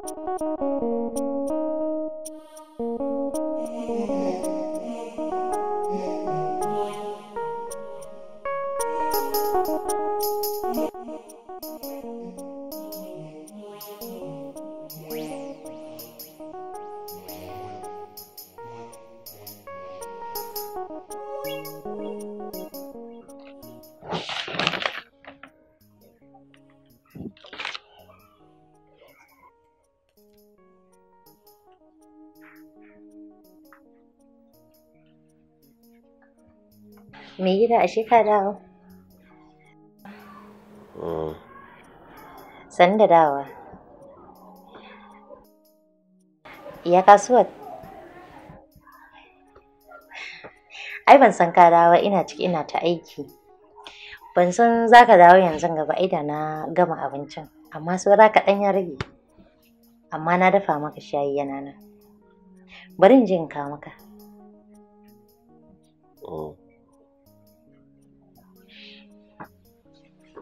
ちょ gida ashe ka dawo mm. san da dawa ya kasuwa ai ban san ka dawo ina ciki ina ta aiki ban san za ka dawo yanzu gaba ai da na gama abincin amma saura kaɗan ya rage amma na dafa maka shayi yana nan bari in je in kawo maka Oh.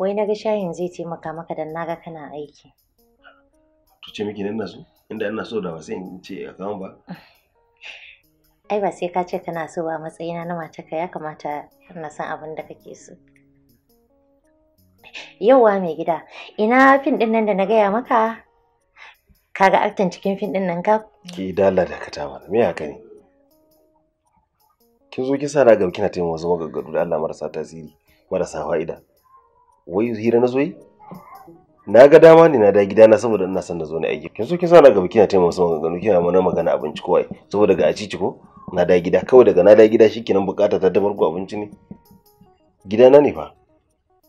wai na ga shayin zai taimaka maka dan naga kana aiki to ce miki nan na so inda ina so da ba sai in ce a kawo ba ai ba sai ka ce kana so ba matsayina na ka ya kamata na san abin da kake so yauwa mai gida ina fin din nan da na gaya maka kaga aktan cikin fin din nan ka ki dala da kata mana me haka ne kin zo ki na ga kina taimaka zama gaggadu da Allah marasa tasiri marasa fa'ida wai hira na zoyi? na ga dama ne na da gidana saboda ina son na zo ne aiki kin so kin sa na gaba kina taimaka ga gano kina mana magana abinci kowai saboda ga acici ko na da gida kawai daga na da gida shikenan bukata ta dabar ku abinci ne gidana ne fa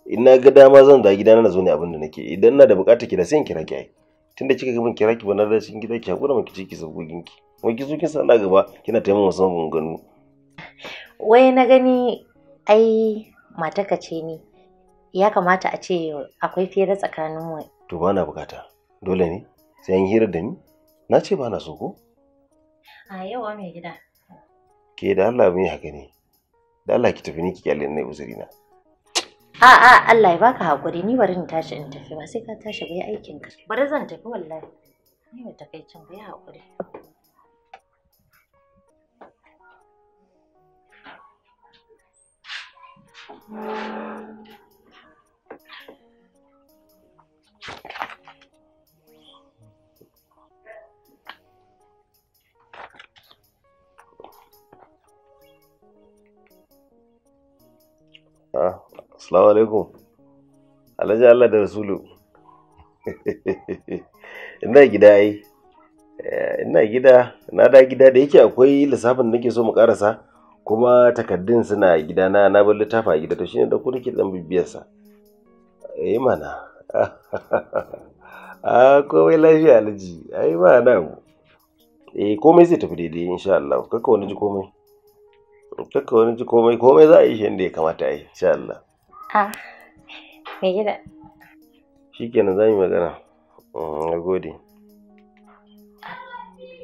in na ga dama zan da gidana na zo ne abinda nake idan na da bukata ki da sai in kira ki ai tunda kika ga ban kira ki ba na da cikin gida ki hakura miki ki sabogin ki wai kin so kin sa na gaba kina taimaka ga gano wai na gani ai mataka ce ni ya kamata a ce akwai fira tsakanin mu to ba na bukata dole ne sai an hira da ni na ce ba na so ko a yawa mai gida ke da Allah mai haka ne da Allah ki tafi ni ki kyale ne uzuri na a a Allah ya baka hakuri ni bari in tashi in tafi ba sai ka tashi ba yi aikin ka bari zan tafi wallahi ni mai takaicin ba ya hakuri Thank you. Ah, assalamu alaikum. Alhaji Allah da Rasulu. Ina gida ai. Eh, ina gida, na da gida da yake akwai lissafin da nake so mu karasa kuma takaddun suna gida na na bar littafa gida to shine da ku nake dan bibiyar sa. Eh mana. A ah, komai lafiya Alhaji. Ai ba na. Eh komai zai tafi daidai insha Allah. Kaka wani ji komai. Rubutaka wani ji komai komai za a yi shi inda ya kamata a yi insha Allah. A ah, me gida. Shi kenan za mu yi magana. Mm, na gode.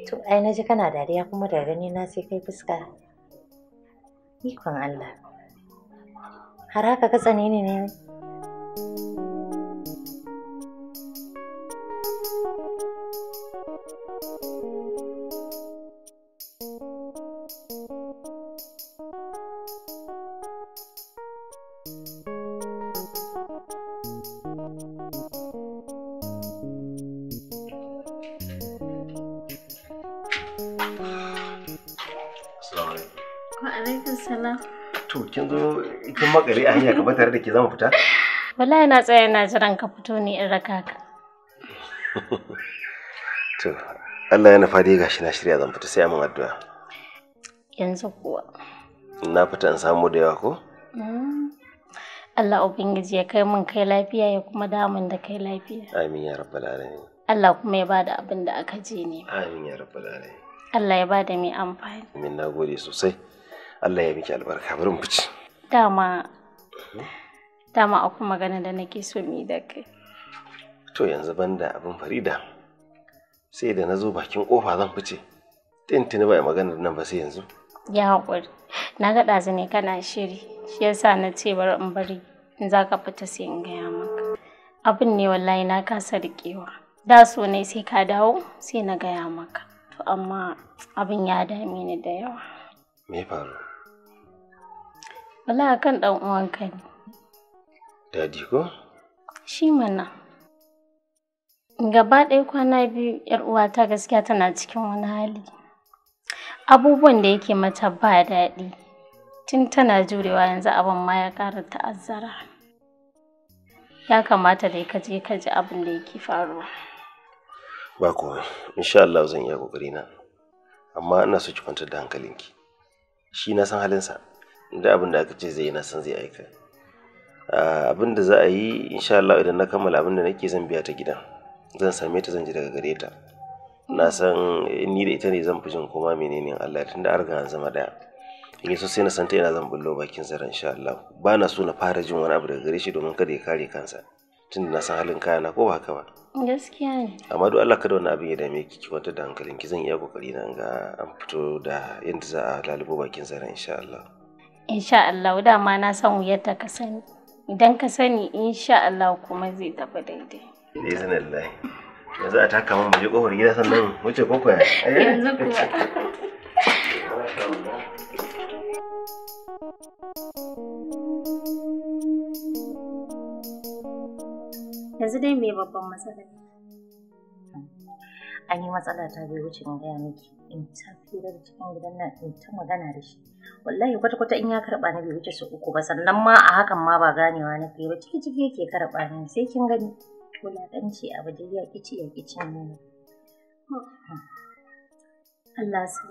To ai na ji kana dariya kuma da gani na sai kai fuska. Ikon Allah. Har haka ka tsanini ne ne. alaikum salam. To kin zo kin makare a hanya kamar tare da ke zama fita? Wallahi na tsaya na jiran ka fito ne in raka ka. To Allah gashi na shirya zan fita sai amin addu'a. Yanzu kuwa. Na fita in samu da yawa ko? Mm. Allah Ubangiji ya kai mun kai lafiya ya kuma damun da kai lafiya. Amin ya rabbal alamin. Allah kuma ya bada abin da aka je ne. Amin ya rabbal alamin. Allah ya bada mai amfani. Amin na gode sosai. Allah ya miki albarka bari mu fice dama dama akwai magana da nake so mu yi da kai to yanzu banda abin farida sai da na zo bakin kofa zan fice tintini bai magana nan ba sai yanzu ya hakuri na ga dazu ne kana shiri shi yasa na ce bari in bari in za ka fita sai in gaya maka abin ne wallahi na kasa riƙewa da so ne sai ka dawo sai na gaya maka to amma abin ya dame ni da yawa me faru Wala kan ɗan uwanka ne. Dadi ko? Shi mana. Gaba ɗaya kwana biyu ‘yar uwata gaskiya tana cikin wani hali. Abubuwan da yake mata ba daɗi. Tun tana jurewa yanzu abin ma ya ƙara ta'azzara. Ya kamata da ka je ka ji abin da yake faruwa. Ba komai, insha Allah zan iya ƙoƙarina. Amma ina so ki kwantar da hankalinki. Shi na san halinsa. da abin da aka ce zai yi na san zai aika ah, abin da za a yi insha Allah idan na kammala abin da nake zan biya ta gida zan same ta zan ji daga gare ta na san ni da ita ne zan fi jin koma menene Allah tun da arga zama daya in so sai na san ta ina zan bullo bakin zara insha Allah ba na so na fara jin wani abu daga gare shi domin kada ya kare kansa tun da na san halin kaya na ko ba haka ba gaskiya ne amma duk Allah kada wani abin ya dame ki ki wata da ki zan iya kokari na ga an fito da yadda za a lalubo bakin zara insha Allah insha Allah dama na san yadda ka sani idan ka sani insha Allah kuma zai tafi daidai da izinin Allah yanzu a taka mun muje kofar gida sannan wuce koko ya eh, yanzu kuma yanzu dai me babban matsala an yi matsala ta bai wuce in gaya miki in ta fira da cikin gidan nan in ta magana da shi wallahi kwata kwata in ya karɓa ni bai wuce su uku ba sannan ma a hakan ma ba ganewa na ke ba ciki ciki yake karɓa ni sai kin gani wulaƙanci abu da ya ƙici ya ƙici ne Allah su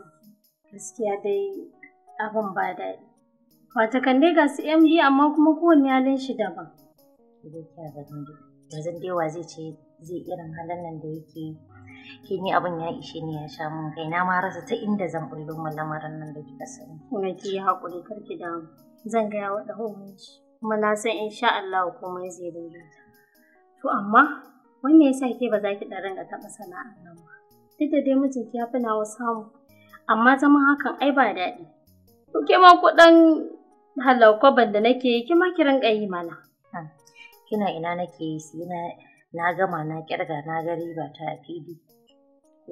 gaskiya dai abin ba daɗi wata kan dai ga su MD amma kuma kowanne halin shi daban. Ba zan dai wa zai ce zai irin halin nan da yake yi. ke ne abin ya ishe ni ya sha mun kai na ma rasa ta inda zan bullo mu lamarin nan da kika sani kuma ki yi hakuri kar ki damu zan ga ya wada hukunci kuma na san insha Allah komai zai daidaita to amma wanne yasa ke ba za ki dan ringa taba sana'a nan ba duk da dai mutum ya fi nawa samu amma zaman hakan ai ba daɗi to ke ma kuɗin da nake yi kima ki ranga yi mana ah, kina ina nake yi sai na na gama na kirga na ga riba ta fili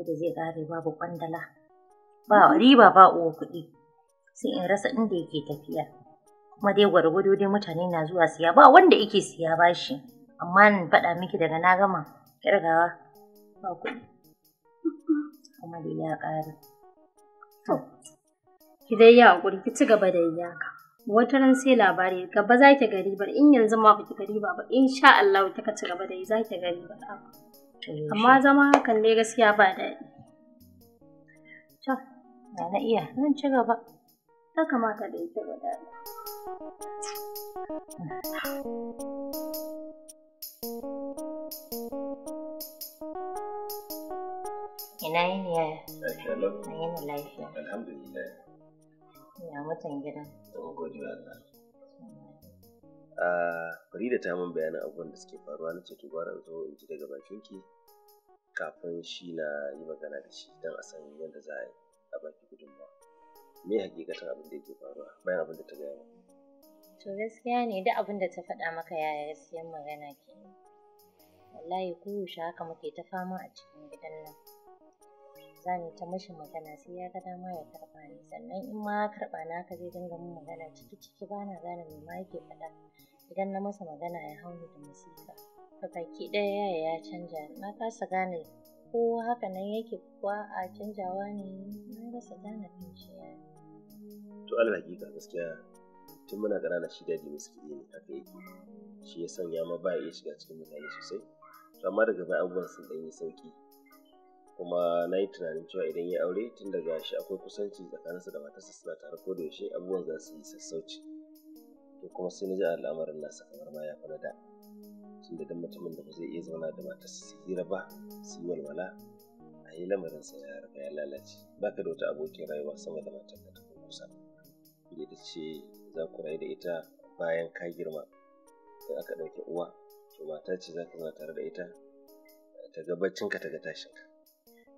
da zai kare babu kwandala ba riba ba uwa kuɗi sai in rasa inda yake tafiya kuma dai gwargwado dai mutane na zuwa siya ba wanda yake siya bashi amma in faɗa miki daga na gama kirgawa ba kuɗi kuma dai ya ƙare to ki dai ya hakuri ki ci gaba da iyaka wata ran sai labari gaba za ki gari ba in yanzu ma ba ki gari ba in sha Allah ka ci gaba da yi za ki gari ba Eh, amma zama hakan dai gaskiya ba daɗi to ba na iya zan ci gaba ta kamata da ita ba daɗi ina yini yaya na yini lafiya alhamdulillah ina mutan gidan a Farida ah, ta min bayanin abubuwan da suke faruwa na ce to gwara in zo in ji daga bakin ki kafin shi na yi magana da shi don a san yadda za a yi a baki gudunmawa me hakikatan abin da yake faruwa bayan abin da ta gaya to gaskiya ne duk abin da ta faɗa maka yaya gaskiyan magana ke wallahi yaushe haka muke ta fama a cikin gidan nan za mu ta mashi magana sai ya ga dama ya karɓa ni sannan in ma ya karɓa na haka zai dinga min magana ciki ciki na gane me ma yake faɗa idan na masa magana ya ni da masifa baki ɗaya yaya ya canja na kasa gane ko haka nan yake kuwa a canjawa ne na rasa gane zuciya to Allah hakika gaskiya tun muna ƙanana shi daji miskili ne haka yake shi ya sanya ma ba ya iya shiga cikin mutane sosai to amma daga baya abubuwan sun ɗanyi sauƙi kuma na yi tunanin cewa idan ya aure tun daga shi akwai kusanci tsakaninsa da matarsa suna tare ko da yaushe abubuwan za su yi sassauci to kuma sai na ji al'amarin nasa kamar ma ya fi da tun da mutumin da ba zai iya zauna da mata su hira ba su yi walwala a yi sa ya riga ya lalace ba ka da wata abokin rayuwa sama da matar da ta kusa da ta ce za ku rayu da ita bayan ka girma da aka ɗauki uwa to mata ce za ka zauna tare da ita ta ga baccinka ta ga tashinka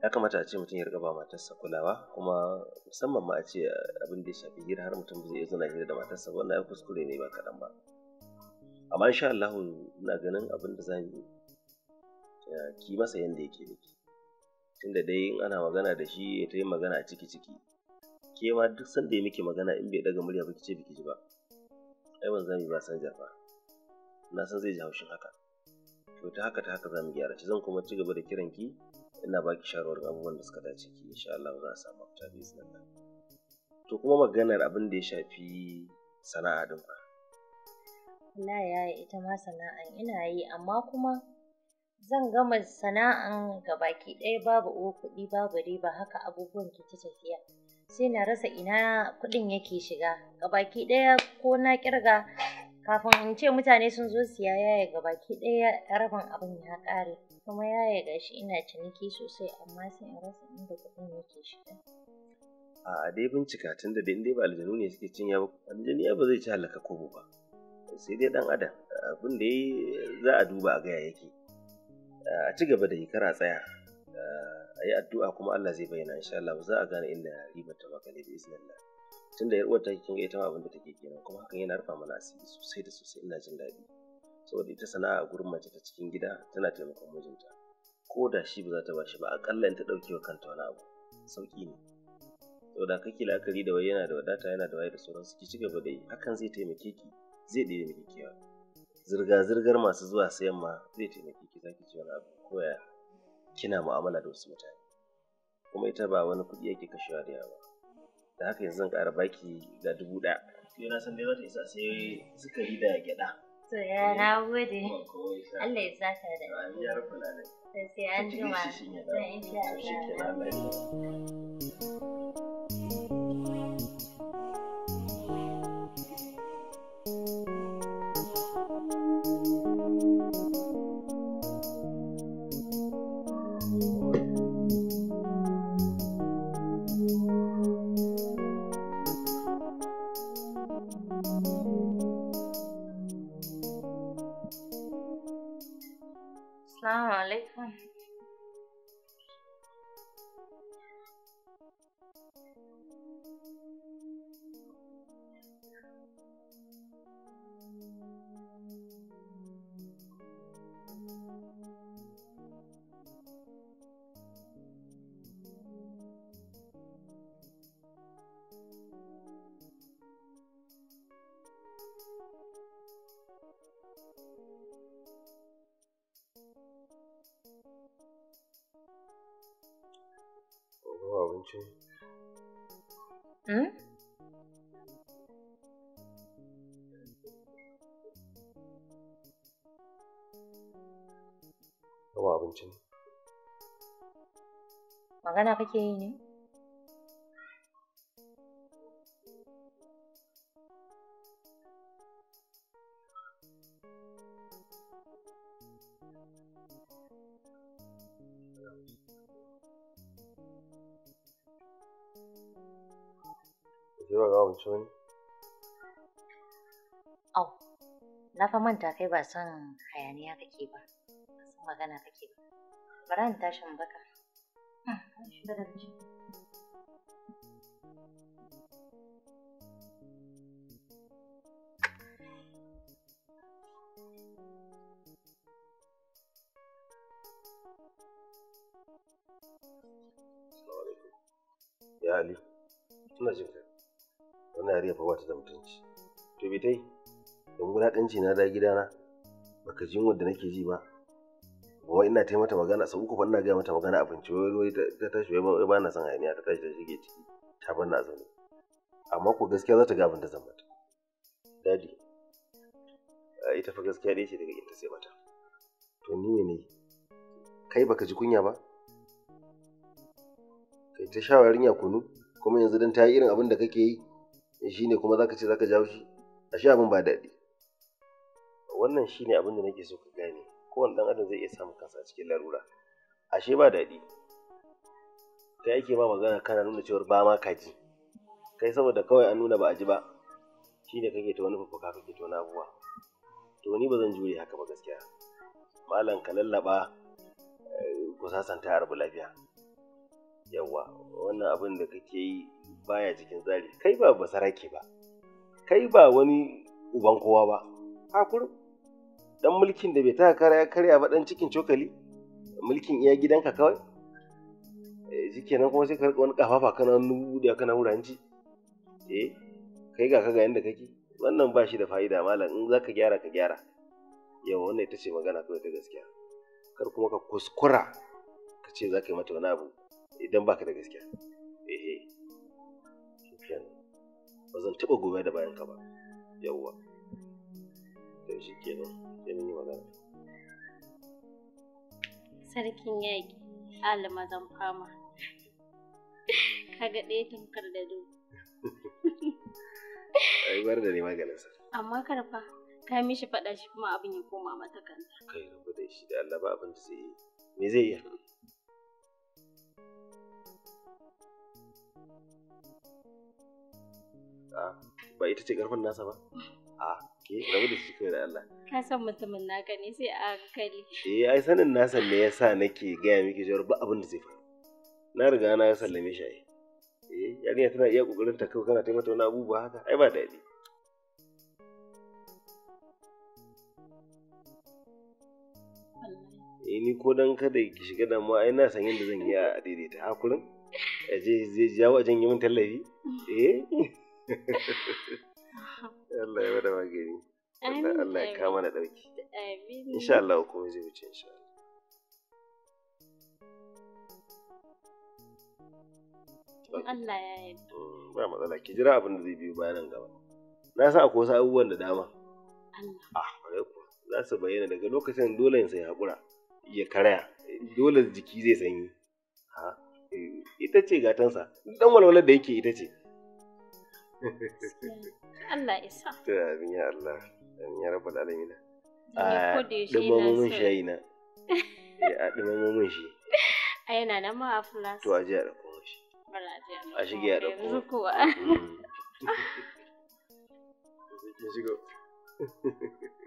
ya kamata a ce mutum ya riga ba matarsa kulawa kuma musamman ma a ce abin da ya shafi hira har mutum zai iya zana hira da matarsa wannan ya kuskure ne ba kaɗan ba amma insha Allah ina ganin abin da zan yi ki masa yanda yake miki tunda dai in ana magana da shi ya ta yi magana a ciki ciki ke ma duk sanda ya miki magana in bai daga murya ba ki ce biki ji ba ai ban zan yi ba san jarfa na san zai ji haushin haka to ta haka ta haka za gyara shi zan kuma ci gaba da kiran ki ina baki shawarar abubuwan da suka dace ki insha Allah za a samu mafita da izinin Allah to kuma maganar abin da ya shafi sana'a din fa Allah yaya ita ma sana'a? ina yi amma kuma zan gama sana'an baki ɗaya babu uwa kuɗi babu riba haka abubuwan ke ta tafiya sai na rasa ina kuɗin yake shiga gabaki ɗaya ko na kirga kafin in ce mutane sun zo siya yaya gabaki ɗaya rabin abin ya ƙare kuma ya yarda shi ina ciniki sosai amma sai in rasa inda kuɗin yake shiga. A dai bincika tun da dai ba aljanu ne suke cin ya ba aljanu ba zai ci halaka kobo ba sai dai dan adam abin da za a duba a gaya yake a ci gaba da yi kara tsaya a yi addu'a kuma Allah zai bayyana insha Allah za a gane inda ribar ta makale da tun tunda yar uwar ta kinga ita ma abin da take kenan kuma hakan yana rufa mana asiri sosai da sosai ina jin daɗi. saboda ita sana'a gurin mace ta cikin gida tana taimakon mijinta ko da shi ba za ta bashi ba akalla in ta ɗauke wa kanta wani abu sauƙi ne saboda kake la'akari da wai yana da wadata yana da waye da sauransu ki ci gaba da yi hakan zai taimake ki zai ɗaya miki kewa zirga-zirgar masu zuwa sayan ma zai taimake ki zaki ci wani abu koya kina mu'amala da wasu mutane kuma ita ba wani kuɗi yake kashewa da yawa da haka yanzu zan ƙara baki ga dubu ɗaya. Yana san dai za ta isa sai sukari da gyaɗa. To ya eh, na gode. Allah ya saka da. Ya rabu Sai an jima. Sai insha Allah. abincin hmm? gama abincin magana kake yi ne yau za mu ci wani au na fa manta kai ba son hayaniya kake ke ba son magana kake ba bari in tashi mu baka Ya Ali, ina jin kai. ina yariya fa bata da mutunci to bi tai don wulaƙanci na da gidana baka jin wanda nake ji ba kuma ina ta mata magana sau uku ina gaya mata magana abinci wai ta tashi wai ba na son hayaniya ta tashi da shige ciki ta bar na zaune amma ko gaskiya za ta ga abin da zan mata dadi ita fa gaskiya dai ce daga inda sai mata to ni ne kai baka ji kunya ba kai ta sha yarinya kunu kuma yanzu dan ta yi irin abin da kake yi shi ne kuma zaka ce zaka jawo shi ashe abin ba daɗi wannan shi ne abin da nake so ka gane kowane ɗan adam zai iya samun kansa a cikin larura ashe ba daɗi kai ake ba magana kana nuna cewar ba ma kaji kai saboda kawai an nuna ba a ji ba shi ne kake ta wani fafuka kake ta wani abuwa to ni ba zan jure haka ba gaskiya malam ka lallaba eh, ku sasanta a rabu lafiya yawa wannan abin da kake yi baya cikin tsari kai ba basarake ba kai ba wani uban kowa ba hakur dan mulkin da bai taka kara ya karya ba dan cikin cokali mulkin iya gidanka kawai eh, shikenan kuma sai ka rika wani kafafa kana nubu da kana wuranci eh kai ga kaga yanda kake wannan ba shi da fa'ida malam in zaka gyara ka gyara yawa wannan ita ce magana kawai ta gaskiya kar kuma ka kuskura ka ce za yi mata wani abu idan baka da gaskiya eh shikenan ba zan taɓa goya da bayan ka ba yawwa to shikenan sai mun yi magana sarkin yaƙi alama zan fama kaga ɗaya tamkar da do ai bar da ni maganin sa amma karfa ka mishi faɗa shi kuma abin ya koma mata kanta kai rabu da shi da Allah ba abin da zai yi me zai yi ba ita ce karfin nasa ba a ah, ke rabu da shi kawai da Allah ka san mutumin naka ne sai a hankali eh ai sanin nasa ne yasa nake gaya miki jawar ba abin da zai faru na riga na sallame shi ai eh yarinya tana iya kokarin ta kawai kana taimaka wani abubuwa haka ai ba daɗi eh ni ko dan kada ki shiga damuwa ai na san yadda zan yi a daidaita hakurin aje zai jawo a yi min tallafi eh Allah ya bada magani. Allah ya kama na ɗauki. Insha Allah komai zai wuce insha Allah. Allah ya mm, Ba matsala ki jira abin da zai biyo bayan gaba. Na san akwai wasu abubuwan da dama. Allah. Ah, za su bayyana daga lokacin dole in sai hakura ya karaya. Dole jiki zai sanyi. Ha? Eh, ita ce gatansa. Dan walwalar da yake ita ce. Allah To amin ya Allah, amin ya rabbal alamin. Ah, na. shi. A yana nan ma a To a shi. A shige a Yanzu kuwa. Mm.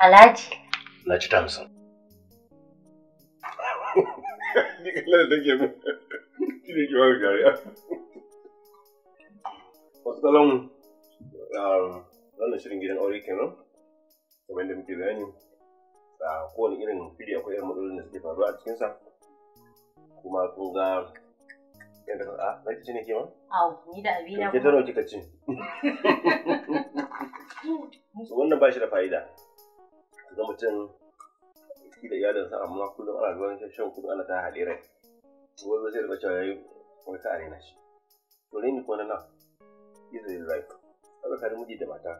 Alhaji. Alhaji ta hamsin. Ni da mu. ne um, wannan shirin gidan aure kenan. Kamar da muke bayani. kowane irin fili akwai irin matsalolin da suke faruwa a cikinsa. Kuma kun ga yadda ka na kici ne ke ma? Au, ni Wannan ba shi da fa'ida. ga mutum kila iyalinsa amma kullum ana ruwan shan kudu ana ta haɗe rai wani zai rika cewa yayi wani ka arena shi to ne ni ko na nan is real right kaga kare miji da mata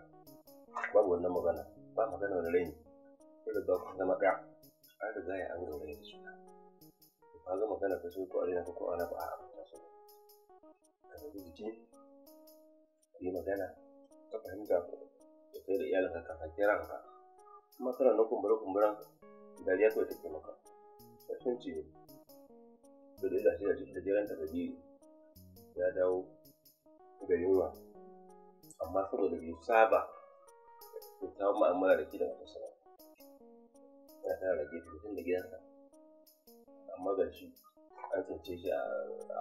babu wannan magana ba magana wani rai ne sai da ku zama ɗaya a riga ya an gauraye da shi ka ga magana ka so ko arena ko ana ba a ta so ka ga jiki yi magana ka fahimta ka kai da iyalinka ka kira ka kuma na kumbura-kumburan ya kawai take maka ƙarshen ce to da ya da shi da jiran ta ya dawo ga yunwa amma saboda bai saba ya samu ma'amala da gidan wata sana ya tara da gefe mutum da gidansa amma ga shi an tsince shi a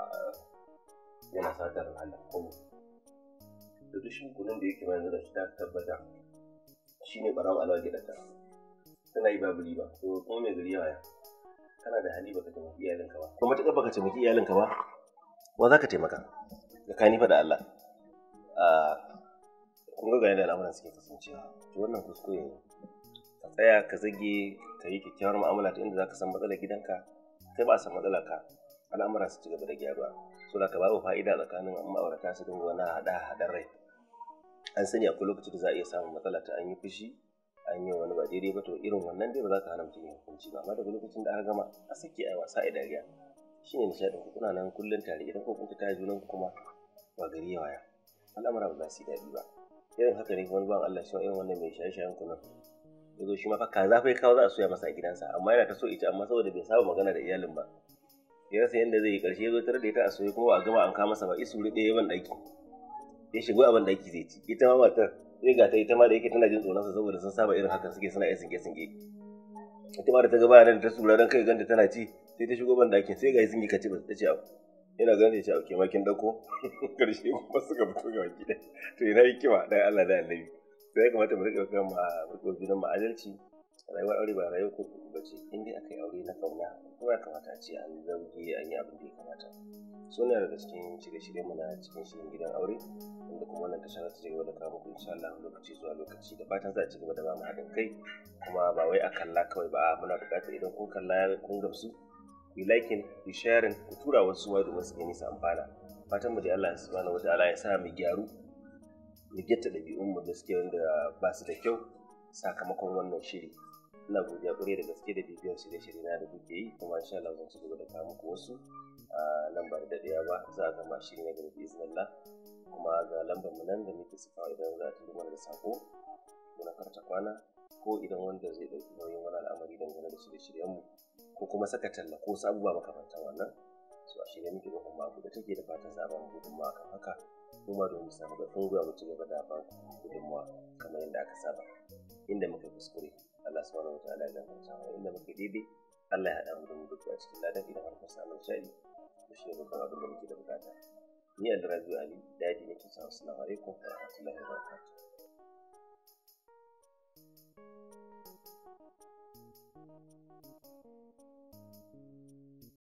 yana satar halin kuma da duk shi da yake mai yanzu da shi ta tabbata Shi ne shine barawa alwa gidanta tana yi babu ba to kuma mai gari waya? kana da hali baka taimaki iyalinka ba kuma matuƙar baka taimaki iyalinka ba wa za ka taimaka da ka nifa da Allah kun ga ga yadda al'amuran suke kasancewa to wannan kuskure ne ka tsaya ka zage ka yi kyakkyawar mu'amala ta inda za ka san matsalar gidanka kai ba san matsalar ka al'amuran su ci gaba da gyaruwa so da ka babu fa'ida tsakanin ma'aurata su dinga wani hada hadar rai an sani akwai lokacin da za a iya samun matsala ta an yi fushi an yi wani ba daidai ba to irin wannan dai ba za ka hana mutum yin hukunci ba amma daga lokacin da aka gama a sake a wasa a dariya ne nishaɗin ku kuna nan kullum tare idan ku kunta tare junan ku kuma ba gari ya waya al'amura ba za su yi daɗi ba irin haka ne wani ban Allah shi irin wannan mai shaye-shayen ku nan ya zo shi ma fa kaza fa kawo za a soya masa a gidansa amma yana ta so ita amma saboda bai saba magana da iyalin ba ya rasa yadda zai yi ƙarshe ya zo tare da ita a soya kuma ba a gama an kama masa ba isu ɗaya ban ɗaki ya shigo abin da yake zai ci ita ma matar sai ga ta ita ma da yake tana jin tsoron sa saboda sun saba irin hakan suke suna yin singe sinke ita ma da ta ga bayanan ta tsura dan kai ganta tana ci sai ta shigo ban dakin sai ga sun yi kace ba ta ce abu ina ganin ya ce abu ma kin dauko karshe kuma suka fito ga baki to ina yi kiwa dan Allah da Annabi sai ya kamata mu rika kan ma mutum gidan ah, mu adalci rayuwar aure ba rayuwar ko ba ce in dai aka yi aure na kauna kuma ya kamata a ce an zauge an yi abin da ya kamata so na daga cikin shirye-shirye na cikin shirin gidan aure wanda kuma wannan tashar ta ci gaba da kawo muku insha Allah lokaci zuwa lokaci da fatan za a ci gaba da ba mu haɗin kai kuma ba wai a kalla kawai ba muna buƙatar idan kun kalla kun gamsu ku yi liking ku sharing ku tura wasu wa domin su gani su amfana fatan mu da Allah subhanahu wataala ya sa mu gyaru mu gyatta ɗabi'unmu mu gaskiya wanda ba su da kyau sakamakon wannan shiri ina godiya kwarai da gaske da bibiyan shirye-shirye na da kuke yi kuma insha Allah zan ci da ku wasu a lambar ba da daya ba za a gama shiri na gaba bismillah kuma ga lambar mu nan da muke sifa idan za a turo mana da sako kuma karta kwana ko idan wanda zai ɗauki nauyin wani al'amari dangane da shirye mu ko kuma saka talla ko wasu abubuwa makamantan wannan su a shirye muke ba, kuma abu da take da fatan zaben gudunmawa kan haka kuma domin samu ga gwiwa mu ci gaba da ba gudunmawa kamar yadda aka saba inda muka kuskure Allah subhanahu wa ta'ala ya gafarta mana inda muka daidai Allah ya hada mu da mu duk a cikin ladan idan har ka samu shari ku shi ne kuma abin da muke da bukata ni Abdurrazu Ali daji nake sa assalamu alaikum wa rahmatullahi wa barakatuh